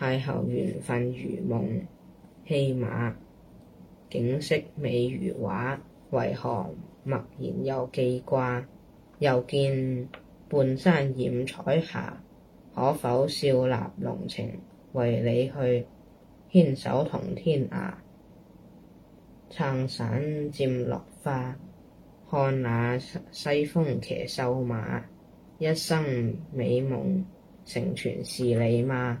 邂逅緣份如夢，戲碼景色美如畫，為何默然又記掛？又見半山染彩霞，可否笑納濃情？為你去牽手同天涯，撐傘接落花，看那西風騎瘦馬，一生美夢成全是你嗎？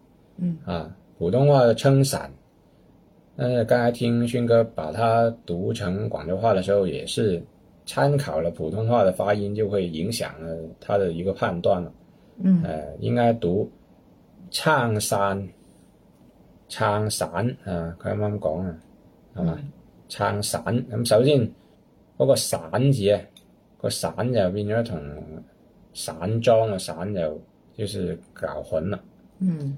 嗯啊，普通話的撐傘，但是剛才聽勳哥把它讀成廣州話的時候，也是參考了普通話的發音，就會影響了他的一個判斷了。嗯，哎、呃，應該讀撐傘，撐傘啊，他剛，剛剛講了，係、啊、嘛？撐傘、嗯。咁首先嗰、那個散字啊，個散就變咗同散裝嘅散，散就就是搞混啦。嗯。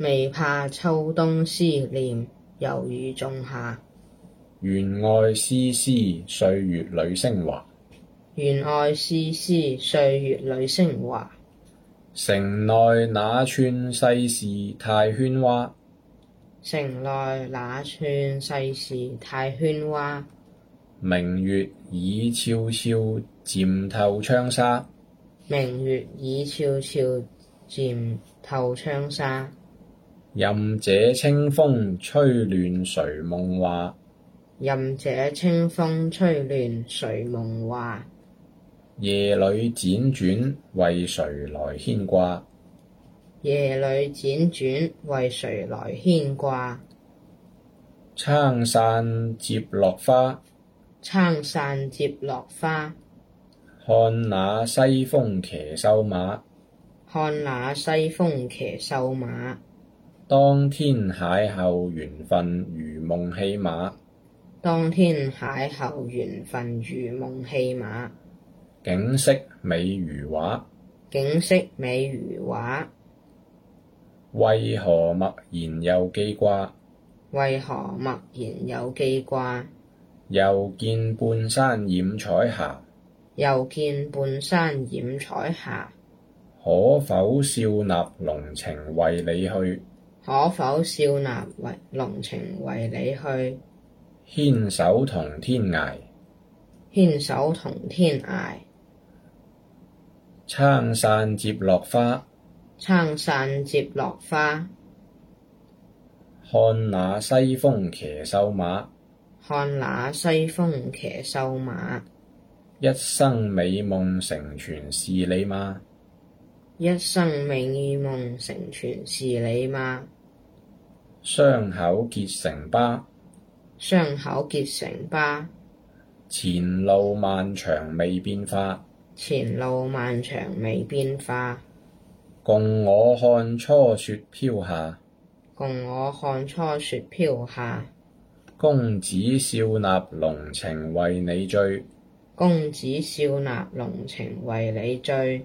未怕秋冬思念猶如仲夏，願愛絲絲，歲月裏升華。願愛絲絲歲月裏昇華。城內那串世事太喧嘩。城內那串世事太喧嘩。明月已悄悄漸透窗紗。明月已悄悄漸透窗紗。任這清風吹亂誰夢話，任這清風吹亂誰夢話。夜裏輾轉為誰來牽掛，夜裏輾轉為誰來牽掛。撐傘接落花，撐傘接落花。花看那西風騎瘦馬，看那西風騎瘦馬。當天邂逅緣分如夢戲碼，當天邂逅緣分如夢戲碼，景色美如畫，景色美如畫，為何默然又記掛？為何默然又記掛？又見半山染彩霞，又見半山染彩霞，可否笑納濃情為你去？可否笑納為濃情為你去？牽手同天涯，牽手同天涯，撐傘接落花，撐傘接落花，看那西風騎瘦馬，看那西風騎瘦馬，一生美夢成全是你嗎？一生美夢成全是你嗎？傷口結成疤。傷口結成疤。前路漫長未變化。前路漫長未變化。共我看初雪飄下。共我看初雪飄下。公子笑納濃情為你醉。公子笑納濃情為你醉。